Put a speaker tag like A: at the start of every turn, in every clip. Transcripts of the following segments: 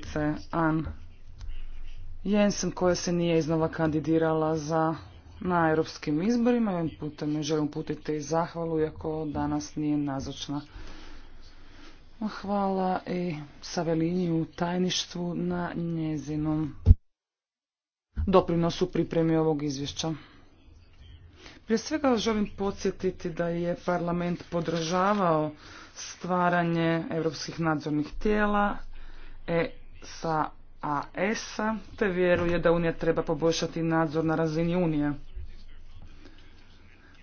A: kolegice An Jensen koja se nije iznova kandidirala za na europskim izborima ovim putem želim putiti zahvalu iako danas nije nazočna. Hvala i Saveliniju u tajništvu na njezinom doprinosu pripremi ovog izvješća. Prije svega želim podsjetiti da je parlament podržavao stvaranje europskih nadzornih tijela, e sa AS-a, te vjeruje da Unija treba poboljšati nadzor na razini Unije.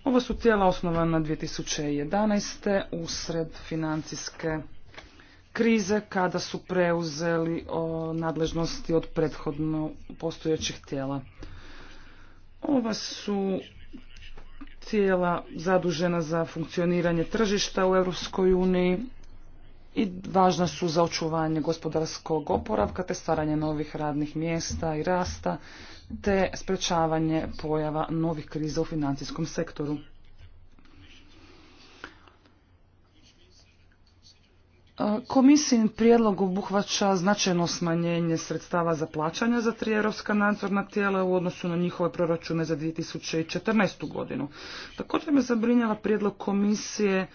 A: Ovo su tijela osnovana 2011. usred financijske krize kada su preuzeli nadležnosti od prethodno postojećih tijela. Ova su tijela zadužena za funkcioniranje tržišta u Europskoj uniji i važna su za očuvanje gospodarskog oporavka te stvaranje novih radnih mjesta i rasta te sprečavanje pojava novih kriza u financijskom sektoru. E, komisijin prijedlog obuhvaća značajno smanjenje sredstava za plaćanja za tri europska nadzorna tijela u odnosu na njihove proračune za 2014. godinu. Također me zabrinjava prijedlog komisije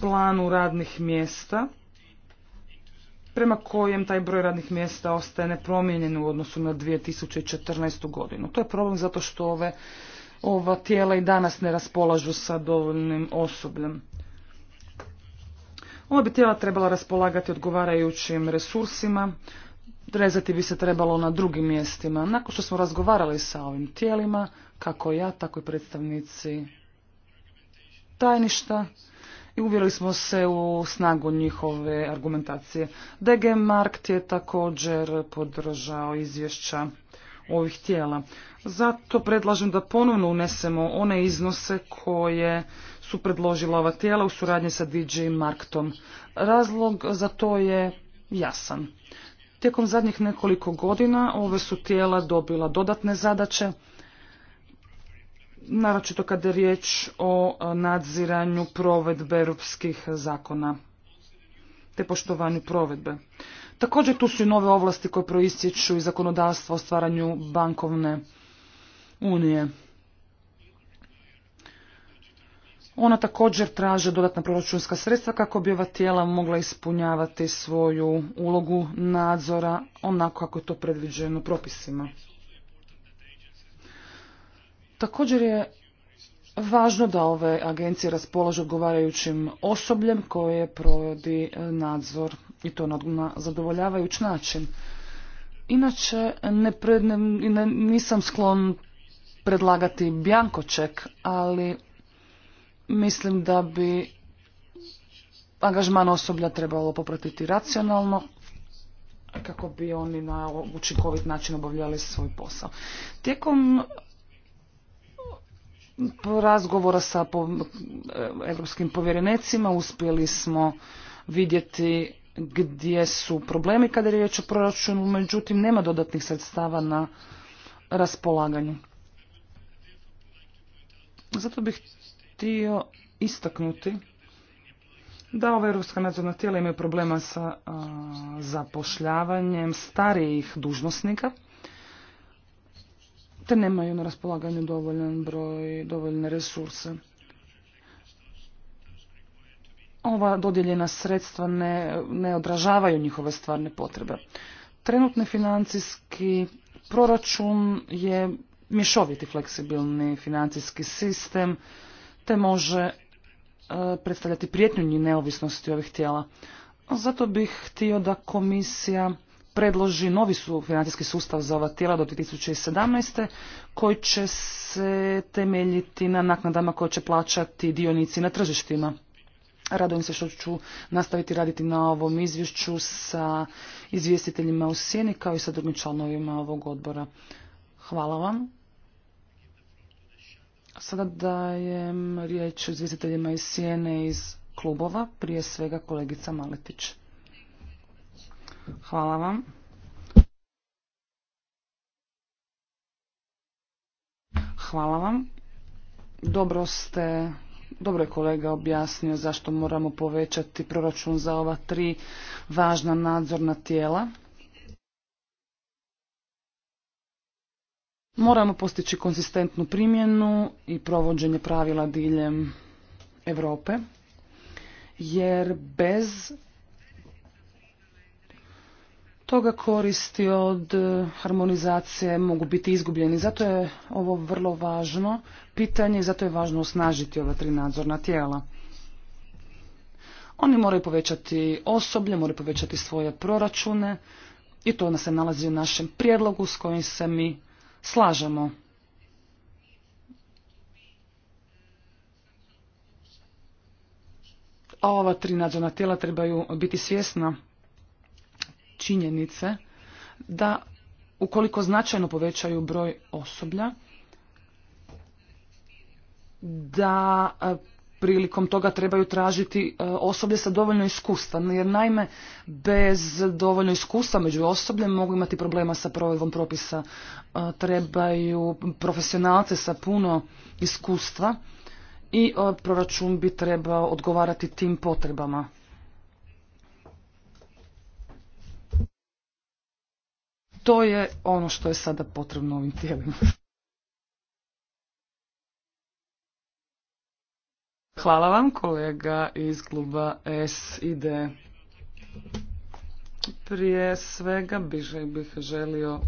A: planu radnih mjesta prema kojem taj broj radnih mjesta ostaje nepromijenjen u odnosu na 2014. godinu. To je problem zato što ove, ova tijela i danas ne raspolažu sa dovoljnim osobljem. Ova bi tijela trebala raspolagati odgovarajućim resursima, rezati bi se trebalo na drugim mjestima. Nakon što smo razgovarali sa ovim tijelima, kako ja, tako i predstavnici tajništa, i smo se u snagu njihove argumentacije. DG Markt je također podržao izvješća ovih tijela. Zato predlažem da ponovno unesemo one iznose koje su predložila ova tijela u suradnji sa DG Marktom. Razlog za to je jasan. Tijekom zadnjih nekoliko godina ove su tijela dobila dodatne zadaće, naročito kada je riječ o nadziranju provedbe europskih zakona te poštovanju provedbe. Također tu su i nove ovlasti koje proistječu i zakonodavstva o stvaranju bankovne unije. Ona također traže dodatna proračunska sredstva kako bi ova tijela mogla ispunjavati svoju ulogu nadzora onako kako je to predviđeno propisima. Također je važno da ove agencije raspolažu odgovarajućim osobljem koje provodi e, nadzor i to na zadovoljavajuć način. Inače, ne, pred, ne, nisam sklon predlagati bjankoček, ali mislim da bi angažman osoblja trebalo popratiti racionalno kako bi oni na učinkovit način obavljali svoj posao. Tijekom razgovora sa europskim povjerenicima uspjeli smo vidjeti gdje su problemi kada je riječ o proračunu, međutim nema dodatnih sredstava na raspolaganju. Zato bih htio istaknuti da ova europska nadzorna tijela imaju problema sa zapošljavanjem starijih dužnosnika te nemaju na raspolaganju dovoljan broj, dovoljne resurse. Ova dodjeljena sredstva ne, ne odražavaju njihove stvarne potrebe. Trenutni financijski proračun je mješoviti fleksibilni financijski sistem, te može e, predstavljati prijetnju neovisnosti ovih tijela. Zato bih htio da komisija predloži novi su financijski sustav za ova tijela do 2017. koji će se temeljiti na naknadama koje će plaćati dionici na tržištima. Radujem se što ću nastaviti raditi na ovom izvješću sa izvjestiteljima u sjeni kao i sa drugim članovima ovog odbora. Hvala vam. Sada dajem riječ izvjestiteljima iz sjene iz klubova, prije svega kolegica Maletić. Hvala vam. Hvala vam. Dobro ste, dobro je kolega objasnio zašto moramo povećati proračun za ova tri važna nadzorna tijela. Moramo postići konsistentnu primjenu i provođenje pravila diljem Europe, jer bez toga koristi od e, harmonizacije mogu biti izgubljeni. Zato je ovo vrlo važno pitanje i zato je važno osnažiti ova tri nadzorna tijela. Oni moraju povećati osoblje, moraju povećati svoje proračune i to se nalazi u našem prijedlogu s kojim se mi slažemo. A ova tri nadzorna tijela trebaju biti svjesna činjenice da ukoliko značajno povećaju broj osoblja, da e, prilikom toga trebaju tražiti e, osoblje sa dovoljno iskustva. Jer naime, bez dovoljno iskustva među osobljem mogu imati problema sa provedbom propisa. E, trebaju profesionalce sa puno iskustva i proračun bi trebao odgovarati tim potrebama. to je ono što je sada potrebno ovim tijelima. Hvala vam kolega iz kluba SID. Prije svega bih želio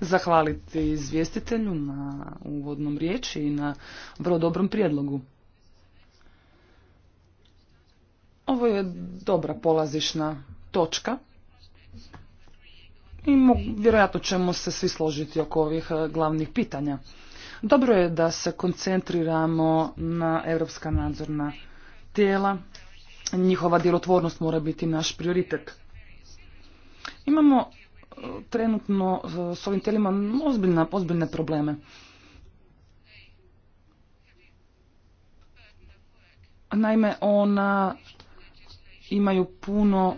A: zahvaliti izvjestitelju na uvodnom riječi i na vrlo dobrom prijedlogu. Ovo je dobra polazišna točka i vjerojatno ćemo se svi složiti oko ovih e, glavnih pitanja. Dobro je da se koncentriramo na europska nadzorna tijela. Njihova djelotvornost mora biti naš prioritet. Imamo e, trenutno e, s ovim tijelima ozbiljne probleme. Naime, ona imaju puno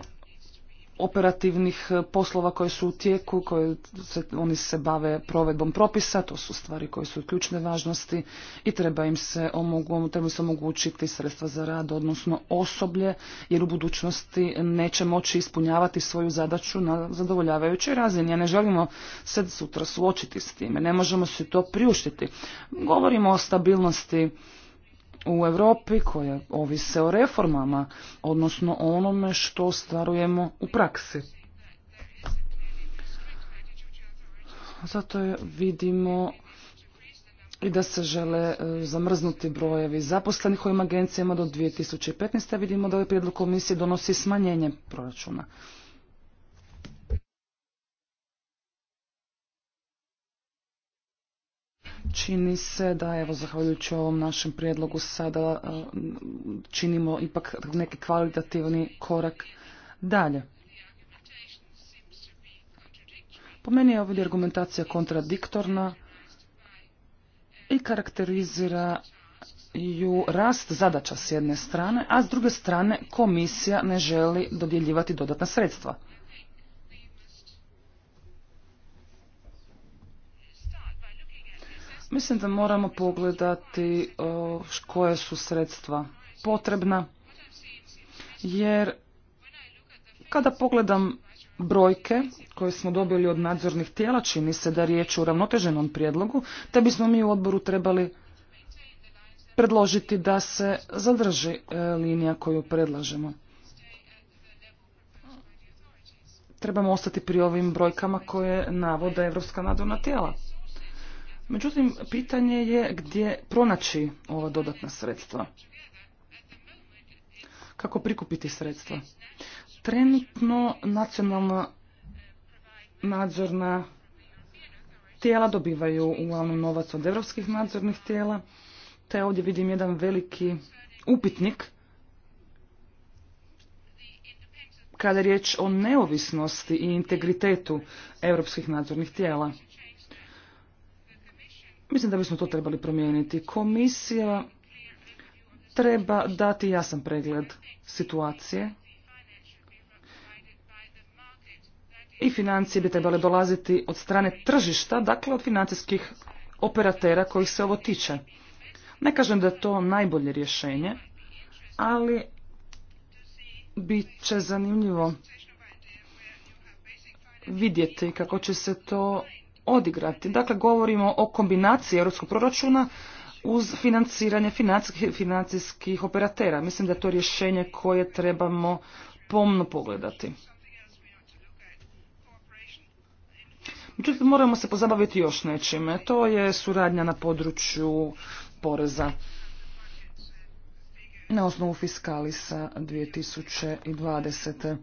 A: operativnih e, poslova koje su u tijeku, koje se, oni se bave provedbom propisa, to su stvari koje su ključne važnosti i treba im se, omogu, se omogućiti sredstva za rad, odnosno osoblje, jer u budućnosti neće moći ispunjavati svoju zadaću na zadovoljavajućoj razini. Ja ne želimo se sutra suočiti s time, ne možemo se to priuštiti. Govorimo o stabilnosti u Europi koje ovise o reformama, odnosno onome što stvarujemo u praksi. Zato vidimo i da se žele e, zamrznuti brojevi zaposlenih u ovim agencijama do 2015. Vidimo da ovaj prijedlog komisije donosi smanjenje proračuna. Čini se da, evo, zahvaljujući ovom našem prijedlogu sada e, činimo ipak neki kvalitativni korak dalje. Po meni je ovdje argumentacija kontradiktorna i karakterizira ju rast zadaća s jedne strane, a s druge strane komisija ne želi dodjeljivati dodatna sredstva. Mislim da moramo pogledati koje su sredstva potrebna, jer kada pogledam brojke koje smo dobili od nadzornih tijela, čini se da je riječ o ravnoteženom prijedlogu, te bismo mi u odboru trebali predložiti da se zadrži e, linija koju predlažemo. Trebamo ostati pri ovim brojkama koje navode Evropska nadzorna tijela. Međutim, pitanje je gdje pronaći ova dodatna sredstva. Kako prikupiti sredstva? Trenutno nacionalna nadzorna tijela dobivaju uglavnom novac od europskih nadzornih tijela, te ovdje vidim jedan veliki upitnik kada je riječ o neovisnosti i integritetu europskih nadzornih tijela. Mislim da bismo to trebali promijeniti. Komisija treba dati jasan pregled situacije i financije bi trebale dolaziti od strane tržišta, dakle od financijskih operatera kojih se ovo tiče. Ne kažem da je to najbolje rješenje, ali bit će zanimljivo vidjeti kako će se to odigrati. Dakle, govorimo o kombinaciji europskog proračuna uz financiranje financijskih operatera. Mislim da je to rješenje koje trebamo pomno pogledati. Međutim, moramo se pozabaviti još nečime. To je suradnja na području poreza na osnovu fiskalisa 2020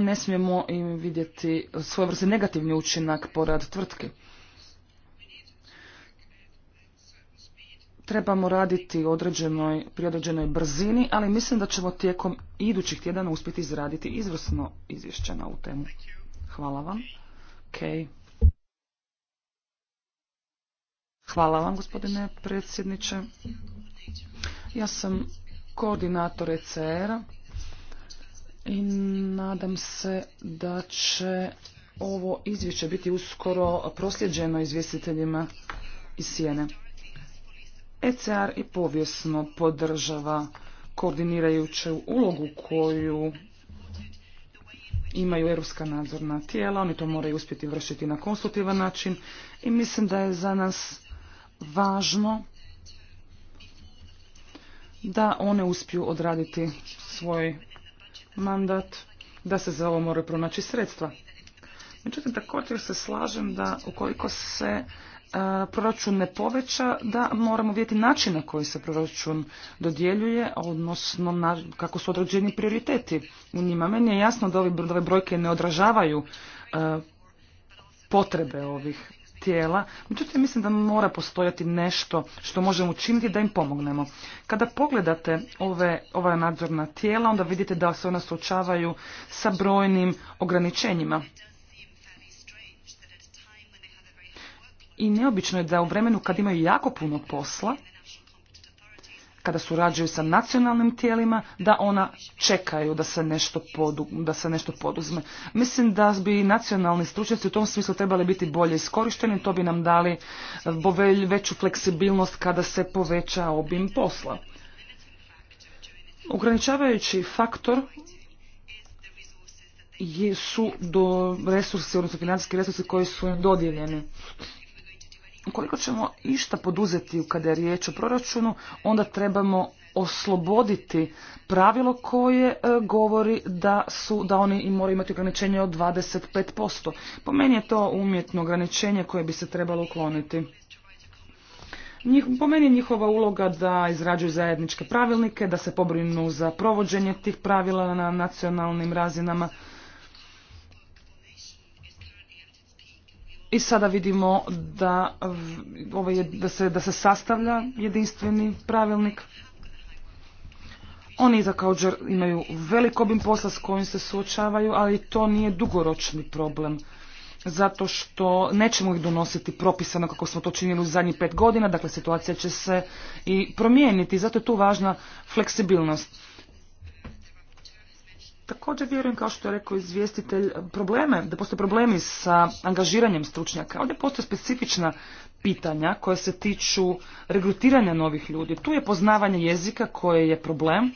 A: ne smijemo im vidjeti svojevrsni negativni učinak porad tvrtke. Trebamo raditi određenoj, pri određenoj brzini, ali mislim da ćemo tijekom idućih tjedana uspjeti izraditi izvrsno izvješće na ovu temu. Hvala vam. Hvala vam, gospodine predsjedniče. Ja sam koordinator ECR-a i nadam se da će ovo izvješće biti uskoro prosljeđeno izvjestiteljima iz Sijene. ECR i povijesno podržava koordinirajuću ulogu koju imaju europska nadzorna tijela, oni to moraju uspjeti vršiti na konstruktivan način i mislim da je za nas važno da one uspiju odraditi svoj mandat da se za ovo moraju pronaći sredstva. Međutim, također se slažem da ukoliko se e, proračun ne poveća, da moramo vidjeti način na koji se proračun dodjeljuje, odnosno kako su određeni prioriteti u njima. Meni je jasno da ove brojke ne odražavaju e, potrebe ovih tijela, međutim mislim da mora postojati nešto što možemo učiniti da im pomognemo. Kada pogledate ove, ova nadzorna tijela, onda vidite da se ona suočavaju sa brojnim ograničenjima. I neobično je da u vremenu kad imaju jako puno posla, kada surađuju sa nacionalnim tijelima, da ona čekaju da se nešto, da se nešto poduzme. Mislim da bi nacionalni stručnjaci u tom smislu trebali biti bolje iskorišteni, to bi nam dali veću fleksibilnost kada se poveća obim posla. Ograničavajući faktor su do resursi, odnosno financijski resursi koji su dodijeljeni. Koliko ćemo išta poduzeti kada je riječ o proračunu, onda trebamo osloboditi pravilo koje e, govori da su da oni moraju imati ograničenje od 25%. Po meni je to umjetno ograničenje koje bi se trebalo ukloniti. Njih, po meni je njihova uloga da izrađuju zajedničke pravilnike, da se pobrinu za provođenje tih pravila na nacionalnim razinama. I sada vidimo da, ovaj da, se, da se sastavlja jedinstveni pravilnik. Oni također imaju velik obim posla s kojim se suočavaju, ali to nije dugoročni problem. Zato što nećemo ih donositi propisano kako smo to činili u zadnjih pet godina, dakle situacija će se i promijeniti. Zato je tu važna fleksibilnost. Također vjerujem, kao što je rekao izvjestitelj, probleme, da postoje problemi sa angažiranjem stručnjaka. Ovdje postoje specifična pitanja koja se tiču regrutiranja novih ljudi. Tu je poznavanje jezika koje je problem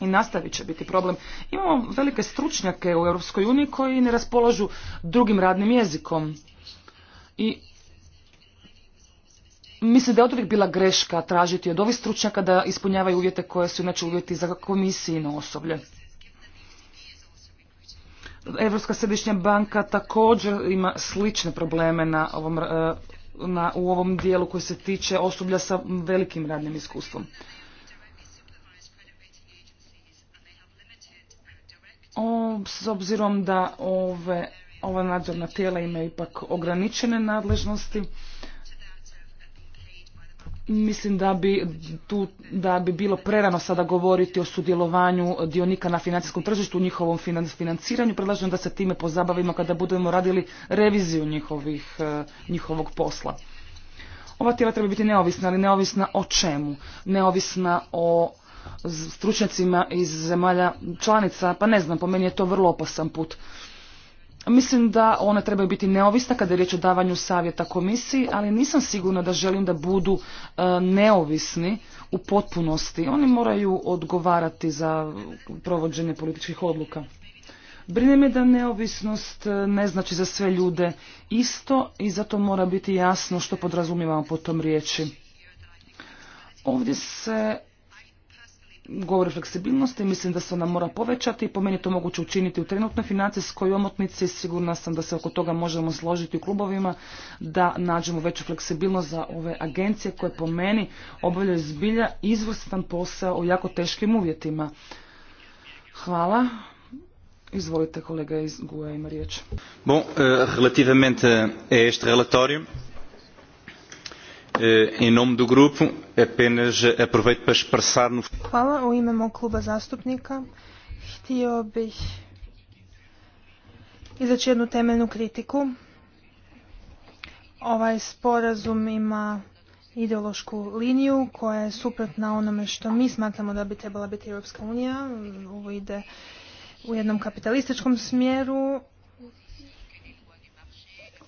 A: i nastavit će biti problem. Imamo velike stručnjake u EU koji ne raspolažu drugim radnim jezikom. I mislim da je oduvijek bila greška tražiti od ovih stručnjaka da ispunjavaju uvjete koje su inače uvjeti za komisijino osoblje. Europska središnja banka također ima slične probleme na ovom, e, na, u ovom dijelu koji se tiče osoblja sa velikim radnim iskustvom. O, s obzirom da ove, ova nadzorna tijela imaju ipak ograničene nadležnosti, Mislim da bi, tu, da bi bilo prerano sada govoriti o sudjelovanju dionika na financijskom tržištu u njihovom financiranju. Predlažem da se time pozabavimo kada budemo radili reviziju njihovih, eh, njihovog posla. Ova tijela treba biti neovisna, ali neovisna o čemu? Neovisna o stručnjacima iz zemalja članica, pa ne znam, po meni je to vrlo opasan put. Mislim da one trebaju biti neovisna kada je riječ o davanju savjeta komisiji, ali nisam sigurna da želim da budu e, neovisni u potpunosti. Oni moraju odgovarati za provođenje političkih odluka. Brine me da neovisnost e, ne znači za sve ljude isto i zato mora biti jasno što podrazumijevamo po tom riječi. Ovdje se govori fleksibilnosti, mislim da se ona mora povećati i po meni je to moguće učiniti u trenutnoj financijskoj omotnici. Sigurna sam da se oko toga možemo složiti u klubovima, da nađemo veću fleksibilnost za ove agencije koje po meni obavljaju zbilja izvrstan posao u jako teškim uvjetima. Hvala. Izvolite kolega iz Guja ima riječ.
B: Euh, relativamente euh, a Hvala u ime mog kluba zastupnika. Htio bih izaći jednu temeljnu kritiku. Ovaj sporazum ima ideološku liniju koja je suprotna onome što mi smatramo da bi trebala biti Europska unija. Ovo ide u jednom kapitalističkom smjeru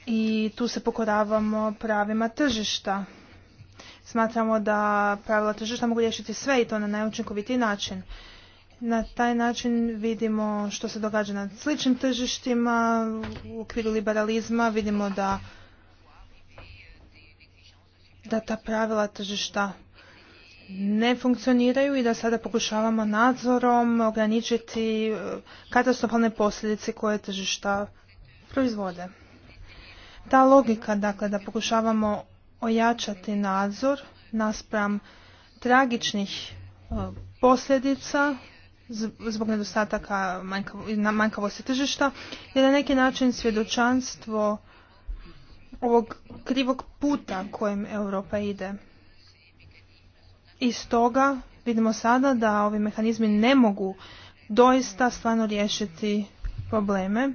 B: i tu se pokoravamo pravima tržišta. Smatramo da pravila tržišta mogu riješiti sve i to na najučinkovitiji način. Na taj način vidimo što se događa na sličnim tržištima, u okviru liberalizma vidimo da, da ta pravila tržišta ne funkcioniraju i da sada pokušavamo nadzorom ograničiti eh, katastrofalne posljedice koje tržišta proizvode. Ta logika, dakle, da pokušavamo ojačati nadzor naspram tragičnih e, posljedica zbog nedostataka manjkavosti tržišta je na neki način svjedočanstvo ovog krivog puta kojim Europa ide. I stoga vidimo sada da ovi mehanizmi ne mogu doista stvarno riješiti probleme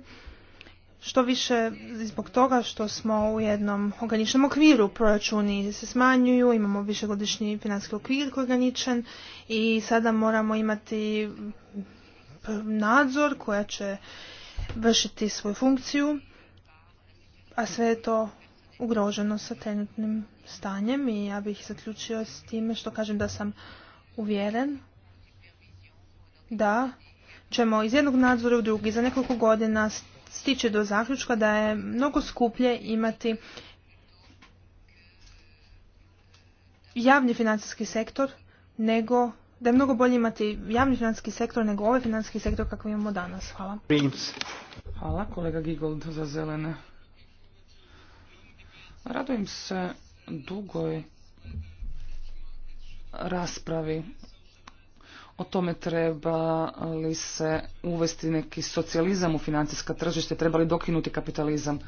B: što više zbog toga što smo u jednom ograničenom okviru, proračuni se smanjuju, imamo višegodišnji financijski okvir koji je ograničen i sada moramo imati nadzor koja će vršiti svoju funkciju, a sve je to ugroženo sa trenutnim stanjem i ja bih zaključio s time što kažem da sam uvjeren da ćemo iz jednog nadzora u drugi za nekoliko godina Stiče do zaključka da je mnogo skuplje imati javni financijski sektor nego da je mnogo bolje imati javni financijski sektor nego ovaj financijski sektor kako imamo danas. Hvala.
A: Hvala kolega Gigold za zelene. Radujem se dugoj raspravi o tome treba li se uvesti neki socijalizam u financijska tržište, treba li dokinuti kapitalizam.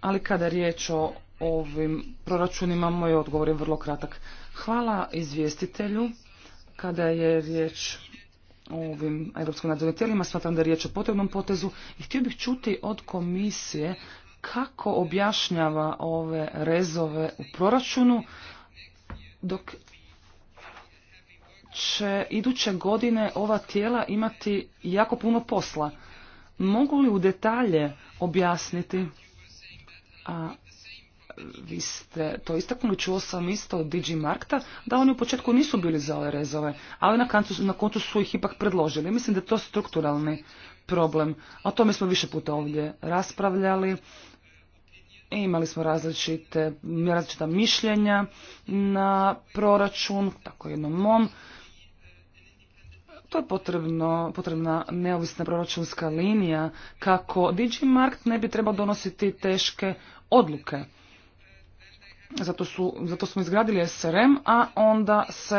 A: Ali kada je riječ o ovim proračunima, moj odgovor je vrlo kratak. Hvala izvjestitelju. Kada je riječ o ovim europskim nadzornim smatram da je riječ o potrebnom potezu i htio bih čuti od komisije kako objašnjava ove rezove u proračunu, dok će iduće godine ova tijela imati jako puno posla. Mogu li u detalje objasniti? A, vi ste to istaknuli, čuo sam isto od DG Markta, da oni u početku nisu bili za ove rezove, ali na koncu, su ih ipak predložili. Mislim da je to strukturalni problem. O tome smo više puta ovdje raspravljali. i Imali smo različite, različita mišljenja na proračun, tako jednom mom to je potrebno, potrebna neovisna proračunska linija kako Digimarkt ne bi trebao donositi teške odluke. Zato, su, zato smo izgradili SRM, a onda se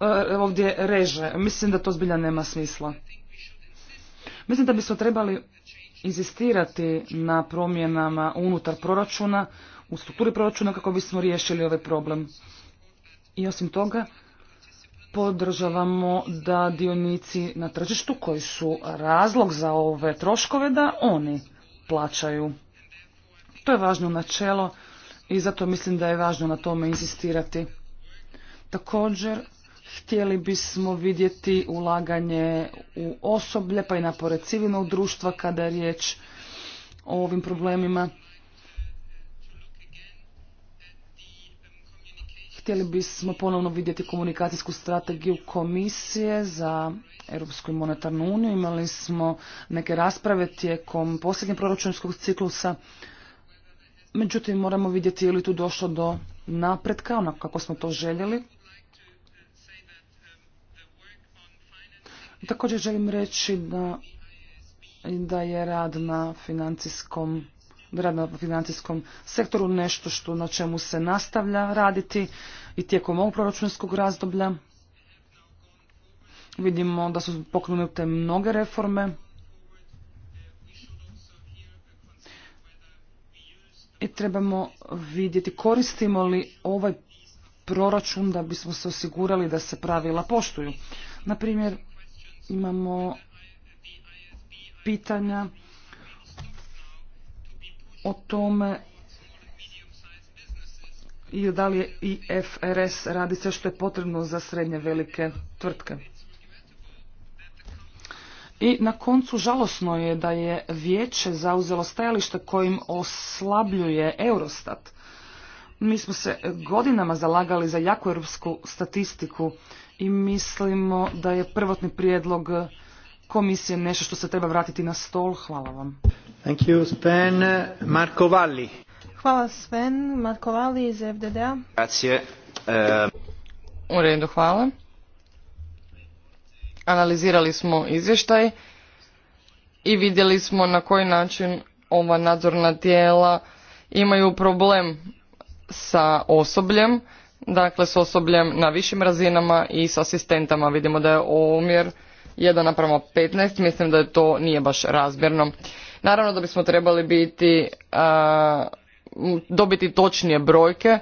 A: e, ovdje reže. Mislim da to zbilja nema smisla. Mislim da bismo trebali inzistirati na promjenama unutar proračuna, u strukturi proračuna kako bismo riješili ovaj problem. I osim toga, podržavamo da dionici na tržištu koji su razlog za ove troškove da oni plaćaju. To je važno načelo i zato mislim da je važno na tome insistirati. Također, htjeli bismo vidjeti ulaganje u osoblje, pa i napore civilnog društva kada je riječ o ovim problemima. Htjeli bismo ponovno vidjeti komunikacijsku strategiju komisije za Europsku i monetarnu uniju. Imali smo neke rasprave tijekom posljednjeg proračunskog ciklusa. Međutim, moramo vidjeti je li tu došlo do napretka, onako kako smo to željeli. Također želim reći da, da je rad na financijskom radno financijskom sektoru nešto na čemu se nastavlja raditi i tijekom ovog proračunskog razdoblja. Vidimo da su pokrenute mnoge reforme. I trebamo vidjeti koristimo li ovaj proračun da bismo se osigurali da se pravila poštuju. Na primjer, imamo pitanja o tome i da li je IFRS radi sve što je potrebno za srednje velike tvrtke. I na koncu žalosno je da je vijeće zauzelo stajalište kojim oslabljuje Eurostat. Mi smo se godinama zalagali za jaku europsku statistiku i mislimo da je prvotni prijedlog komisije nešto što se treba vratiti na stol. Hvala vam.
B: Thank you, Sven. Marko Hvala Sven. Marko Valli iz FDD-a.
C: U redu, hvala. Analizirali smo izvještaj i vidjeli smo na koji način ova nadzorna tijela imaju problem sa osobljem, dakle s osobljem na višim razinama i s asistentama. Vidimo da je omjer jedan naprema 15, mislim da je to nije baš razmjerno. Naravno da bismo trebali biti, dobiti točnije brojke,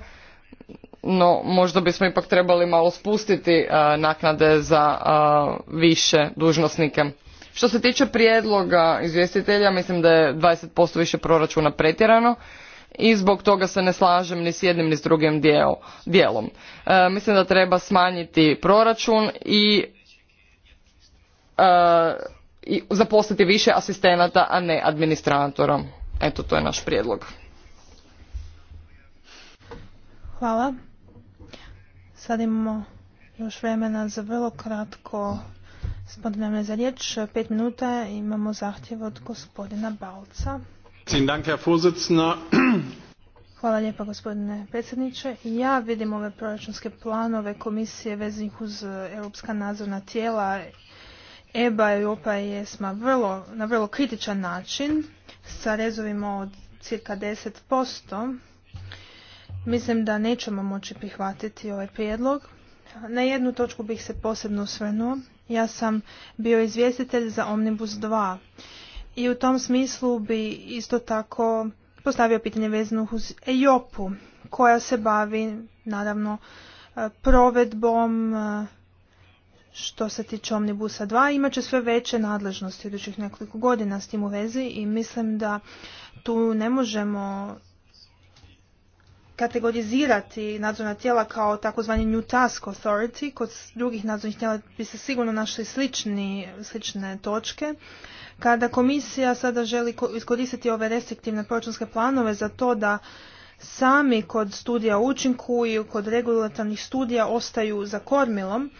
C: no možda bismo ipak trebali malo spustiti naknade za više dužnosnike. Što se tiče prijedloga izvjestitelja, mislim da je 20% više proračuna pretjerano i zbog toga se ne slažem ni s jednim ni s drugim dijelom. E, mislim da treba smanjiti proračun i zaposliti više asistenata, a ne administratora. Eto, to je naš prijedlog.
B: Hvala. Sad imamo još vremena za vrlo kratko spodnevne za riječ. Pet minuta imamo zahtjev od gospodina Balca. Hvala lijepa gospodine predsjedniče. Ja vidim ove proračunske planove komisije vezanih uz europska nadzorna tijela EBA Europa i ESMA vrlo, na vrlo kritičan način sa rezovima od cirka 10%. Mislim da nećemo moći prihvatiti ovaj prijedlog. Na jednu točku bih se posebno osvrnuo. Ja sam bio izvjestitelj za Omnibus 2 i u tom smislu bi isto tako postavio pitanje vezano uz ejopu koja se bavi naravno provedbom što se tiče Omnibusa 2 imat će sve veće nadležnosti idućih nekoliko godina s tim u vezi i mislim da tu ne možemo kategorizirati nadzorna tijela kao takozvani New Task Authority. Kod drugih nadzornih tijela bi se sigurno našli slični, slične točke. Kada komisija sada želi iskoristiti ove restriktivne proračunske planove za to da sami kod studija učinku i kod regulatornih studija ostaju za kormilom,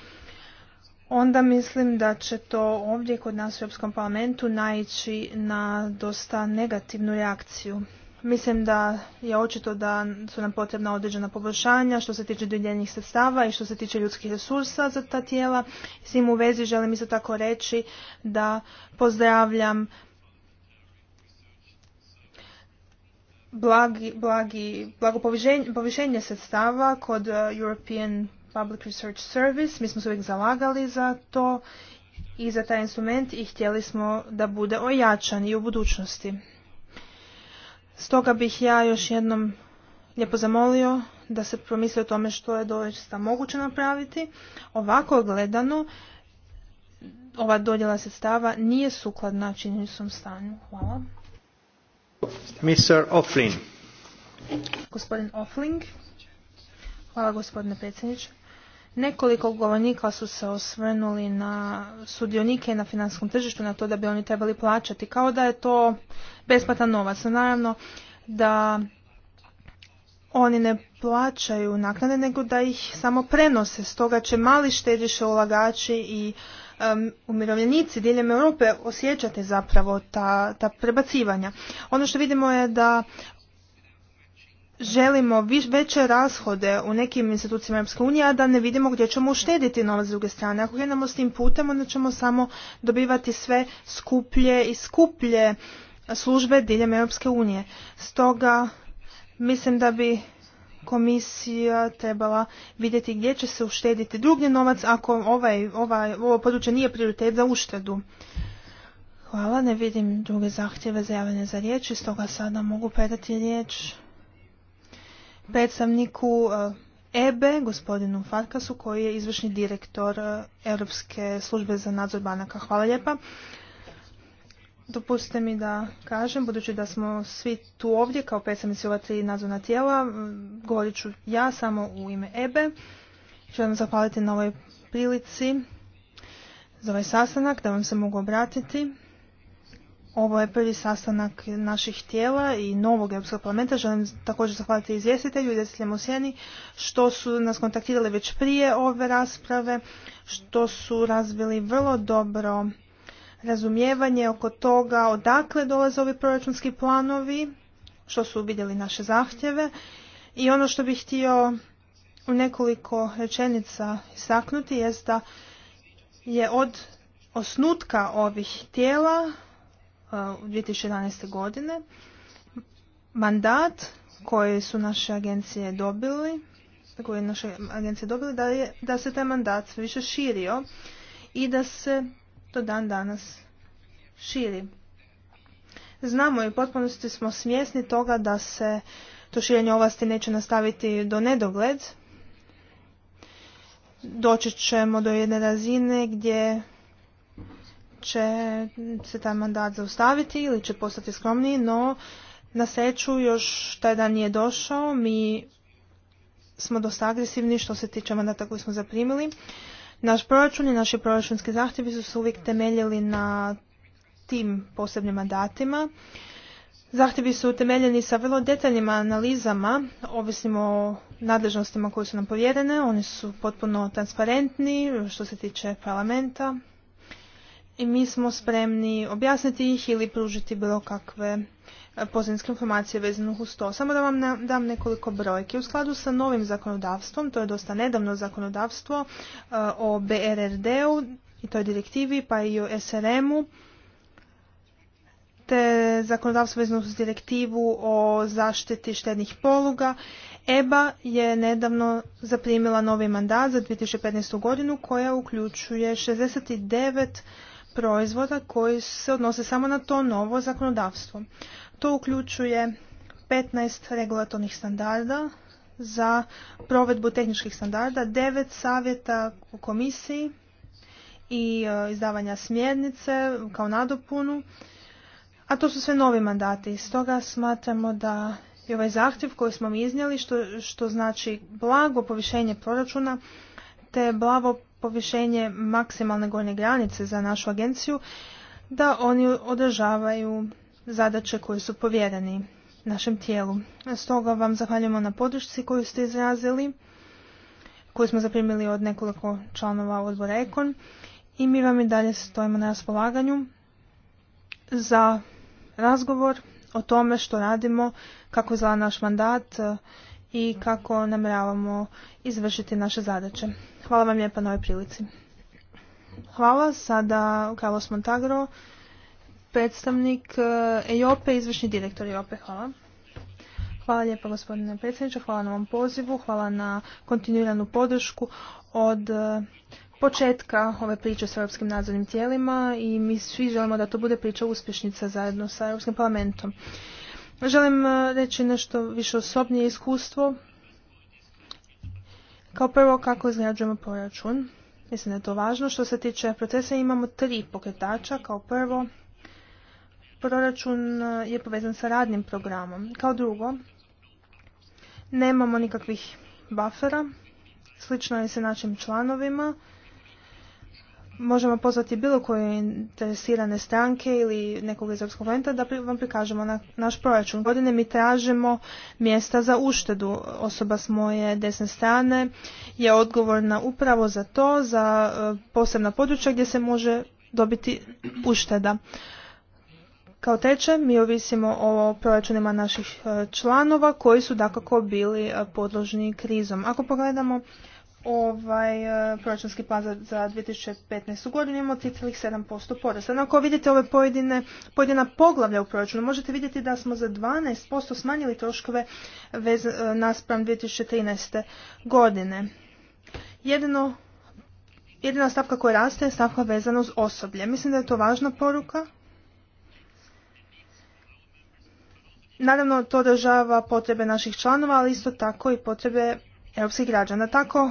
B: onda mislim da će to ovdje kod nas u Europskom parlamentu naići na dosta negativnu reakciju. Mislim da je očito da su nam potrebna određena poboljšanja što se tiče dodijeljenih sredstava i što se tiče ljudskih resursa za ta tijela. S tim u vezi želim isto tako reći da pozdravljam blagi, blagi, blago povišenje sredstava kod eh, European Public Research Service. Mi smo se uvijek zalagali za to i za taj instrument i htjeli smo da bude ojačan i u budućnosti. Stoga bih ja još jednom lijepo zamolio da se promisli o tome što je doista moguće napraviti. Ovako gledano, ova dodjela sredstava nije sukladna činjenicom stanju. Hvala. Mr. Offling. Gospodin Offling. Hvala gospodine predsjedniče. Nekoliko govornika su se osvrnuli na sudionike na finanskom tržištu, na to da bi oni trebali plaćati, kao da je to besplatan novac. Naravno da oni ne plaćaju naknade, nego da ih samo prenose. Stoga će mali štediše, ulagači i umirovljenici diljem Europe osjećati zapravo ta, ta prebacivanja. Ono što vidimo je da želimo veće rashode u nekim institucijama Europske unije, a da ne vidimo gdje ćemo uštediti novac s druge strane. Ako krenemo s tim putem, onda ćemo samo dobivati sve skuplje i skuplje službe diljem Europske unije. Stoga mislim da bi komisija trebala vidjeti gdje će se uštediti drugi novac ako ovaj, ovaj, ovo područje nije prioritet za uštedu. Hvala, ne vidim druge zahtjeve za javljanje za riječ i stoga sada mogu predati riječ predstavniku EBE, eh, gospodinu Farkasu, koji je izvršni direktor eh, Europske službe za nadzor banaka. Hvala lijepa. Dopustite mi da kažem, budući da smo svi tu ovdje kao predstavnici ova tri nadzorna tijela, govorit ću ja samo u ime EBE. Želim zahvaliti na ovoj prilici za ovaj sastanak, da vam se mogu obratiti. Ovo je prvi sastanak naših tijela i novog Europskog parlamenta. Želim također zahvaliti izvjestitelju, izvjestiteljem u Sjeni, što su nas kontaktirali već prije ove rasprave, što su razvili vrlo dobro razumijevanje oko toga odakle dolaze ovi proračunski planovi, što su vidjeli naše zahtjeve. I ono što bih htio u nekoliko rečenica istaknuti jest da je od osnutka ovih tijela E, u 2011. godine. Mandat koji su naše agencije dobili, koji je naše agencije dobili, da, je, da se taj mandat više širio i da se do dan danas širi. Znamo i u potpunosti smo svjesni toga da se to širenje ovlasti neće nastaviti do nedogled. Doći ćemo do jedne razine gdje će se taj mandat zaustaviti ili će postati skromniji, no na sreću još taj dan nije došao. Mi smo dosta agresivni što se tiče mandata koji smo zaprimili. Naš proračun i naši proračunski zahtjevi su se uvijek temeljili na tim posebnim mandatima. Zahtjevi su utemeljeni sa vrlo detaljnim analizama, ovisno o nadležnostima koje su nam povjerene, oni su potpuno transparentni što se tiče parlamenta, i mi smo spremni objasniti ih ili pružiti bilo kakve e, pozivinske informacije vezano uz to. Samo da vam dam nekoliko brojke. U skladu sa novim zakonodavstvom, to je dosta nedavno zakonodavstvo e, o BRRD-u i toj direktivi, pa i o SRM-u, te zakonodavstvo vezano uz direktivu o zaštiti štednih poluga, EBA je nedavno zaprimila novi mandat za 2015. godinu koja uključuje 69 proizvoda koji se odnose samo na to novo zakonodavstvo. To uključuje 15 regulatornih standarda za provedbu tehničkih standarda, 9 savjeta u komisiji i e, izdavanja smjernice kao nadopunu, a to su sve novi mandati. Stoga smatramo da i ovaj zahtjev koji smo mi iznijeli, što, što znači blago povišenje proračuna, te blago povišenje maksimalne gornje granice za našu agenciju, da oni održavaju zadaće koje su povjereni našem tijelu. Stoga vam zahvaljujemo na podršci koju ste izrazili, koju smo zaprimili od nekoliko članova odbora Ekon i mi vam i dalje stojimo na raspolaganju za razgovor o tome što radimo, kako izgleda naš mandat, i kako namjeravamo izvršiti naše zadaće. Hvala vam lijepa na ovoj prilici. Hvala. Sada Carlos Montagro, predstavnik EOPE, eh, izvršni direktor EOPE. Hvala. Hvala lijepa gospodine predsjedniče, hvala na ovom pozivu, hvala na kontinuiranu podršku od eh, početka ove priče s europskim nadzornim tijelima i mi svi želimo da to bude priča uspješnica zajedno sa Europskim parlamentom. Želim e, reći nešto više osobnije iskustvo. Kao prvo kako izgrađujemo proračun. Mislim da je to važno. Što se tiče procesa imamo tri pokretača. Kao prvo, proračun e, je povezan sa radnim programom. Kao drugo, nemamo nikakvih buffera. Slično je sa našim članovima možemo pozvati bilo koje interesirane stranke ili nekog iz Europskog da vam prikažemo na naš proračun. Godine mi tražimo mjesta za uštedu. Osoba s moje desne strane je odgovorna upravo za to, za e, posebna područja gdje se može dobiti ušteda. Kao treće, mi ovisimo o proračunima naših e, članova koji su dakako bili e, podložni krizom. Ako pogledamo ovaj e, proračunski plan za, za 2015. godinu imamo 3,7% porasta. No, ako vidite ove pojedine, pojedina poglavlja u proračunu, možete vidjeti da smo za 12% smanjili troškove vez, e, naspram 2013. godine. Jedino, jedina stavka koja raste je stavka vezana uz osoblje. Mislim da je to važna poruka. Naravno, to održava potrebe naših članova, ali isto tako i potrebe europskih građana. Tako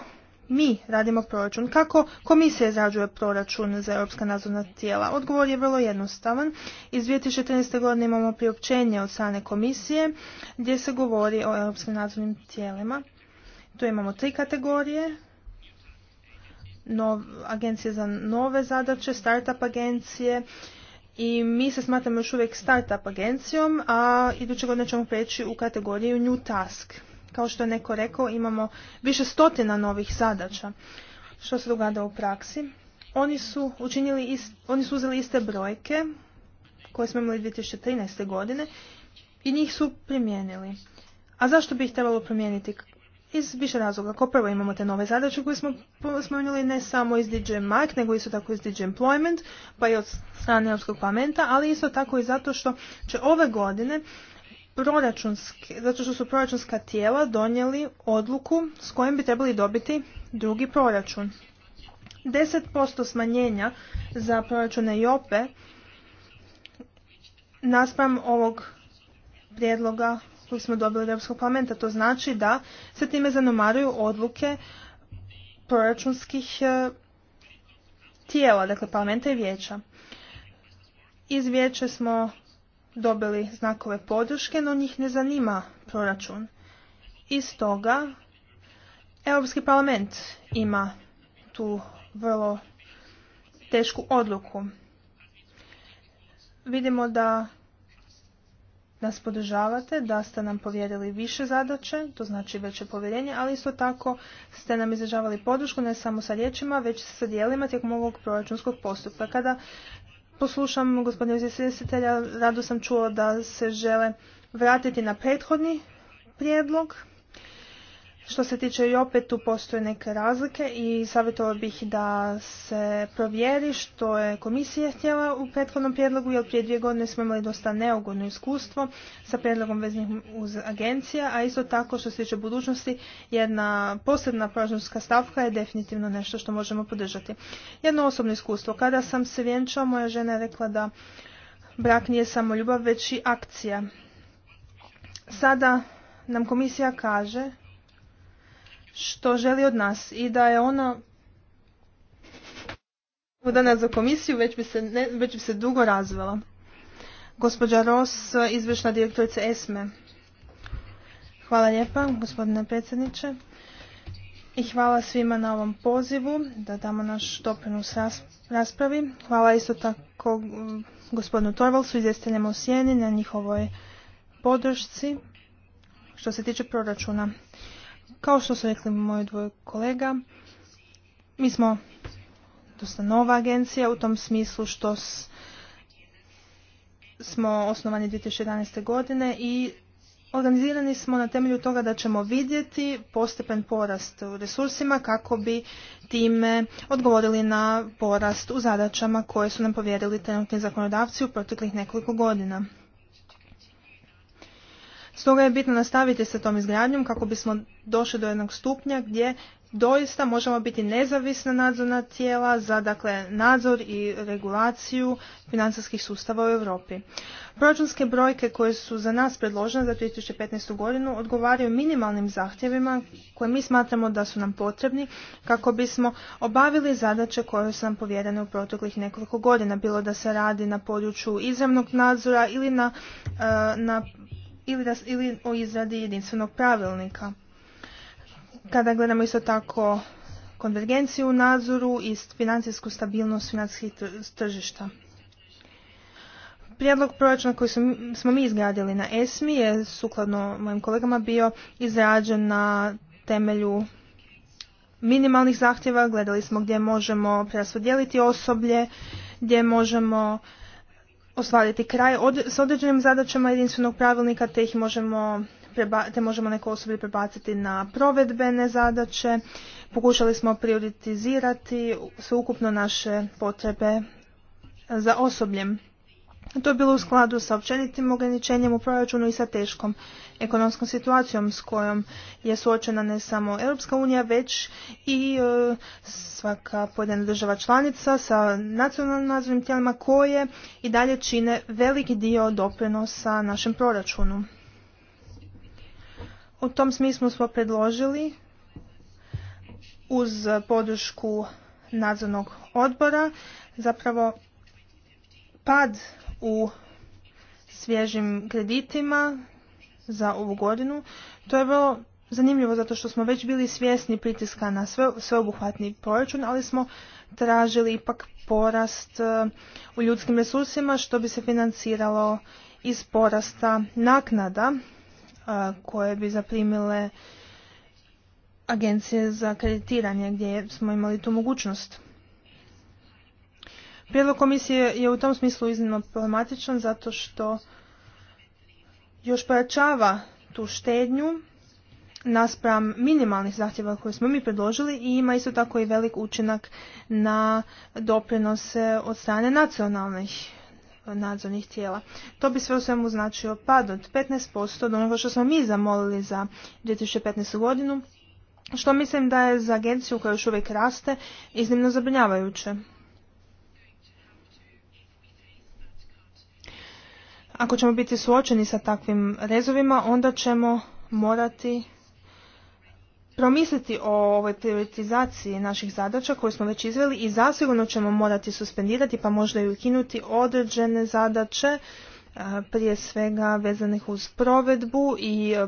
B: mi radimo proračun, kako komisija izrađuje proračun za europska nadzorna tijela. Odgovor je vrlo jednostavan. Iz 2013. godine imamo priopćenje od strane komisije gdje se govori o europskim nadzornim tijelima. Tu imamo tri kategorije. agencije za nove zadaće, startup agencije, i mi se smatramo još uvijek startup agencijom, a iduće godine ćemo preći u kategoriju New Task kao što je neko rekao, imamo više stotina novih zadaća. Što se događa u praksi? Oni su, učinili oni su uzeli iste brojke koje smo imali 2013. godine i njih su primijenili. A zašto bi ih trebalo promijeniti? Iz više razloga. Kao prvo imamo te nove zadaće koje smo spomenuli ne samo iz DJ Mark, nego isto tako iz DJ Employment, pa i od strane Europskog parlamenta, ali isto tako i zato što će ove godine proračunski, zato što su proračunska tijela donijeli odluku s kojim bi trebali dobiti drugi proračun. 10% smanjenja za proračune Jope naspram ovog prijedloga koji smo dobili od Europskog parlamenta. To znači da se time zanomaruju odluke proračunskih e, tijela, dakle parlamenta i vijeća. Iz vijeće smo dobili znakove podrške, no njih ne zanima proračun. I toga Europski parlament ima tu vrlo tešku odluku. Vidimo da nas podržavate, da ste nam povjerili više zadaće, to znači veće povjerenje, ali isto tako ste nam izražavali podršku ne samo sa riječima, već sa dijelima tijekom ovog proračunskog postupka. Kada poslušam gospodine izvjestitelja, rado sam čuo da se žele vratiti na prethodni prijedlog što se tiče i opet tu postoje neke razlike i savjetovao bih da se provjeri što je komisija htjela u prethodnom prijedlogu, jer prije dvije godine smo imali dosta neugodno iskustvo sa prijedlogom veznih uz agencija, a isto tako što se tiče budućnosti jedna posebna proračunska stavka je definitivno nešto što možemo podržati. Jedno osobno iskustvo. Kada sam se vjenčao, moja žena je rekla da brak nije samo ljubav, već i akcija. Sada nam komisija kaže što želi od nas i da je ona danas za komisiju već bi se, već bi se dugo razvela. Gospođa Ros, izvršna direktorica ESME. Hvala lijepa, gospodine predsjedniče. I hvala svima na ovom pozivu da damo naš doprinus raspravi. Hvala isto tako mm, gospodinu Torvalsu, izvjestiteljem u Sjeni na njihovoj podršci što se tiče proračuna. Kao što su rekli moji dvoje kolega, mi smo dosta nova agencija u tom smislu što smo osnovani 2011. godine i Organizirani smo na temelju toga da ćemo vidjeti postepen porast u resursima kako bi time odgovorili na porast u zadaćama koje su nam povjerili trenutni zakonodavci u proteklih nekoliko godina. Stoga je bitno nastaviti sa tom izgradnjom kako bismo došli do jednog stupnja gdje doista možemo biti nezavisna nadzorna tijela za dakle, nadzor i regulaciju financijskih sustava u Europi. Proračunske brojke koje su za nas predložene za 2015. godinu odgovaraju minimalnim zahtjevima koje mi smatramo da su nam potrebni kako bismo obavili zadaće koje su nam povjerene u proteklih nekoliko godina, bilo da se radi na području izravnog nadzora ili na, e, na ili, da, ili o izradi jedinstvenog pravilnika. Kada gledamo isto tako konvergenciju u nadzoru i financijsku stabilnost financijskih tržišta. Prijedlog proračuna koji smo mi izgradili na ESMI je sukladno mojim kolegama bio izrađen na temelju minimalnih zahtjeva. Gledali smo gdje možemo preraspodijeliti osoblje, gdje možemo ostvariti kraj od, s određenim zadaćama jedinstvenog pravilnika te ih možemo te možemo neko osobi prebaciti na provedbene zadaće. Pokušali smo prioritizirati sveukupno naše potrebe za osobljem. To je bilo u skladu sa općenitim ograničenjem u proračunu i sa teškom ekonomskom situacijom s kojom je suočena ne samo Europska unija, već i e, svaka pojedina država članica sa nacionalnim nazivnim tijelima koje i dalje čine veliki dio doprinosa našem proračunu. U tom smislu smo predložili uz podršku nadzornog odbora zapravo pad u svježim kreditima za ovu godinu. To je bilo zanimljivo zato što smo već bili svjesni pritiska na sve, sveobuhvatni proračun, ali smo tražili ipak porast e, u ljudskim resursima što bi se financiralo iz porasta naknada e, koje bi zaprimile agencije za kreditiranje gdje smo imali tu mogućnost. Prijedlog komisije je u tom smislu iznimno problematičan zato što još pojačava tu štednju naspram minimalnih zahtjeva koje smo mi predložili i ima isto tako i velik učinak na doprinose od strane nacionalnih nadzornih tijela. To bi sve u svemu značio pad od 15% do onoga što smo mi zamolili za 2015. godinu, što mislim da je za agenciju koja još uvijek raste iznimno zabrinjavajuće. Ako ćemo biti suočeni sa takvim rezovima, onda ćemo morati promisliti o ovoj prioritizaciji naših zadaća koje smo već izveli i zasigurno ćemo morati suspendirati pa možda i ukinuti određene zadaće e, prije svega vezanih uz provedbu i e,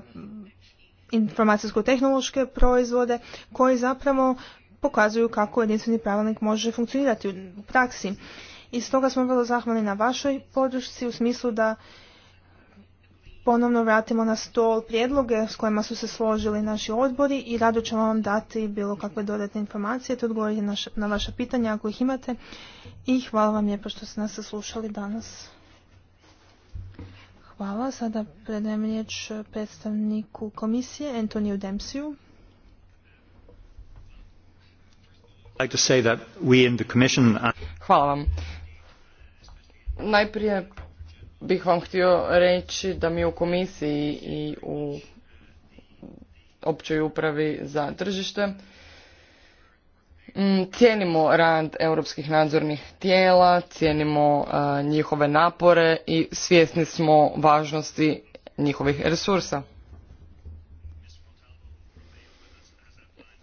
B: informacijsko-tehnološke proizvode koji zapravo pokazuju kako jedinstveni pravilnik može funkcionirati u praksi i stoga smo vrlo zahvalni na vašoj podršci u smislu da ponovno vratimo na stol prijedloge s kojima su se složili naši odbori i rado ćemo vam dati bilo kakve dodatne informacije te odgovoriti na vaša pitanja ako ih imate i hvala vam lijepo što ste nas saslušali danas. Hvala. Sada predajem riječ predstavniku komisije Antoniju Dempsiju.
C: Hvala vam. Najprije bih vam htio reći da mi u komisiji i u općoj upravi za tržište mm, cijenimo rad europskih nadzornih tijela, cijenimo e, njihove napore i svjesni smo važnosti njihovih resursa.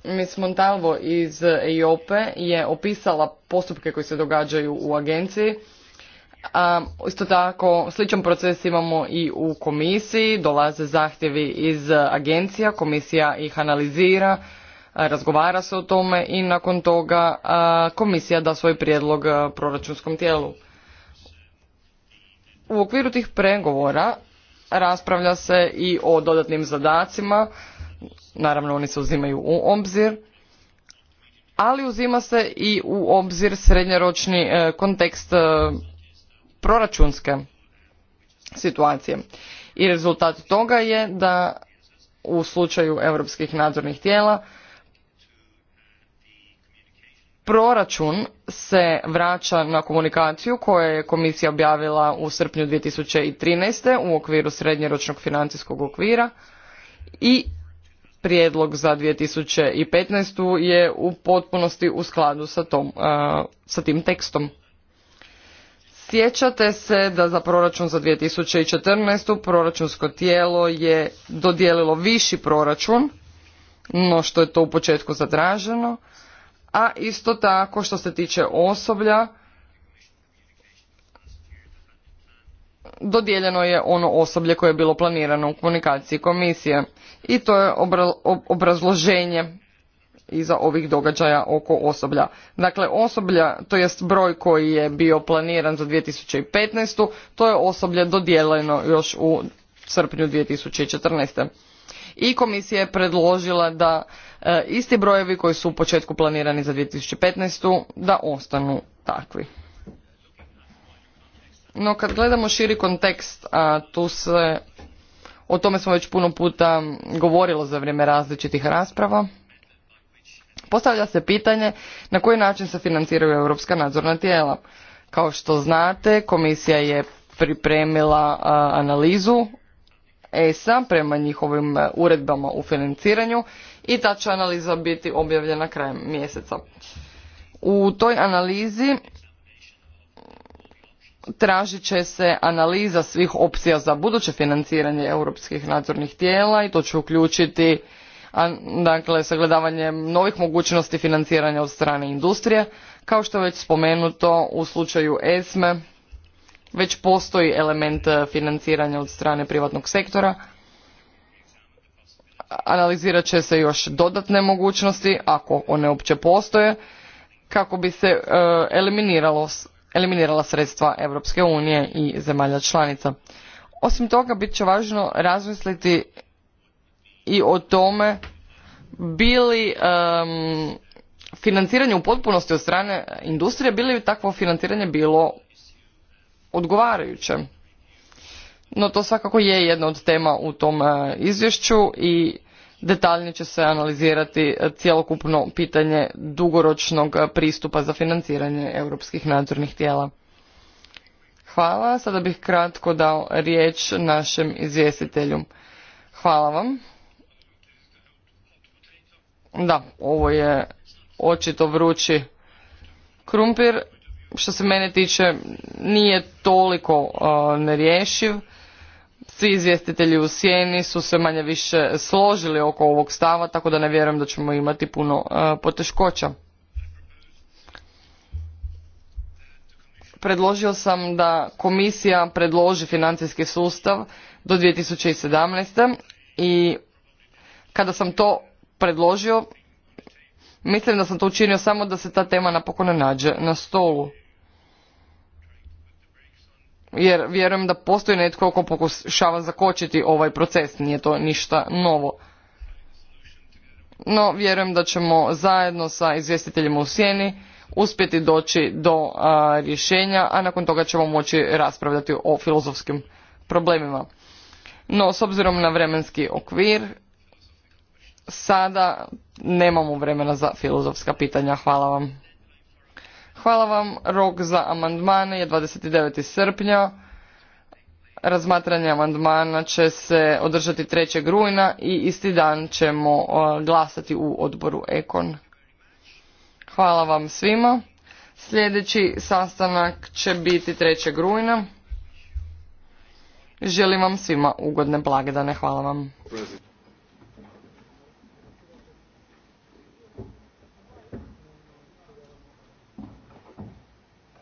C: Ms. Montalvo iz EIOPE e je opisala postupke koji se događaju u agenciji a, isto tako, sličan proces imamo i u komisiji, dolaze zahtjevi iz agencija, komisija ih analizira, e, razgovara se o tome i nakon toga e, komisija da svoj prijedlog e, proračunskom tijelu. U okviru tih pregovora raspravlja se i o dodatnim zadacima, naravno oni se uzimaju u obzir, ali uzima se i u obzir srednjeročni kontekst proračunske situacije. I rezultat toga je da u slučaju europskih nadzornih tijela proračun se vraća na komunikaciju koju je komisija objavila u srpnju 2013. u okviru srednjeročnog financijskog okvira i prijedlog za 2015. je u potpunosti u skladu sa, sa tim tekstom. Sjećate se da za proračun za 2014. proračunsko tijelo je dodijelilo viši proračun, no što je to u početku zadraženo, a isto tako što se tiče osoblja, dodijeljeno je ono osoblje koje je bilo planirano u komunikaciji komisije i to je obrazloženje iza ovih događaja oko osoblja. Dakle, osoblja, to jest broj koji je bio planiran za 2015. To je osoblje dodijeljeno još u srpnju 2014. I komisija je predložila da e, isti brojevi koji su u početku planirani za 2015. da ostanu takvi. No kad gledamo širi kontekst, a tu se, o tome smo već puno puta govorilo za vrijeme različitih rasprava, Postavlja se pitanje na koji način se financiraju europska nadzorna tijela. Kao što znate, komisija je pripremila analizu ESA prema njihovim e, uredbama u financiranju i ta će analiza biti objavljena krajem mjeseca. U toj analizi tražit će se analiza svih opcija za buduće financiranje europskih nadzornih tijela i to će uključiti a dakle sagledavanjem novih mogućnosti financiranja od strane industrije kao što je već spomenuto u slučaju esme već postoji element e, financiranja od strane privatnog sektora analizirat će se još dodatne mogućnosti ako one uopće postoje kako bi se e, eliminiralo, eliminirala sredstva Europske unije i zemalja članica. Osim toga bit će važno razmisliti i o tome bili financiranje u potpunosti od strane industrije, bili li takvo financiranje bilo odgovarajuće. No to svakako je jedna od tema u tom e, izvješću i detaljnije će se analizirati cjelokupno pitanje dugoročnog pristupa za financiranje europskih nadzornih tijela. Hvala, sada bih kratko dao riječ našem izvjestitelju. Hvala vam. Da, ovo je očito vrući krumpir. Što se mene tiče, nije toliko uh, nerješiv. Svi izvjestitelji u sjeni su se manje više složili oko ovog stava, tako da ne vjerujem da ćemo imati puno uh, poteškoća. Predložio sam da komisija predloži financijski sustav do 2017. i kada sam to predložio, mislim da sam to učinio samo da se ta tema napokon nađe na stolu. Jer vjerujem da postoji netko ko pokušava zakočiti ovaj proces, nije to ništa novo. No, vjerujem da ćemo zajedno sa izvjestiteljima u sjeni uspjeti doći do rješenja, a nakon toga ćemo moći raspravljati o filozofskim problemima. No, s obzirom na vremenski okvir, sada nemamo vremena za filozofska pitanja. Hvala vam. Hvala vam. Rok za amandmane je 29. srpnja. Razmatranje amandmana će se održati 3. rujna i isti dan ćemo glasati u odboru Ekon. Hvala vam svima. Sljedeći sastanak će biti 3. rujna. Želim vam svima ugodne blagdane. Hvala vam.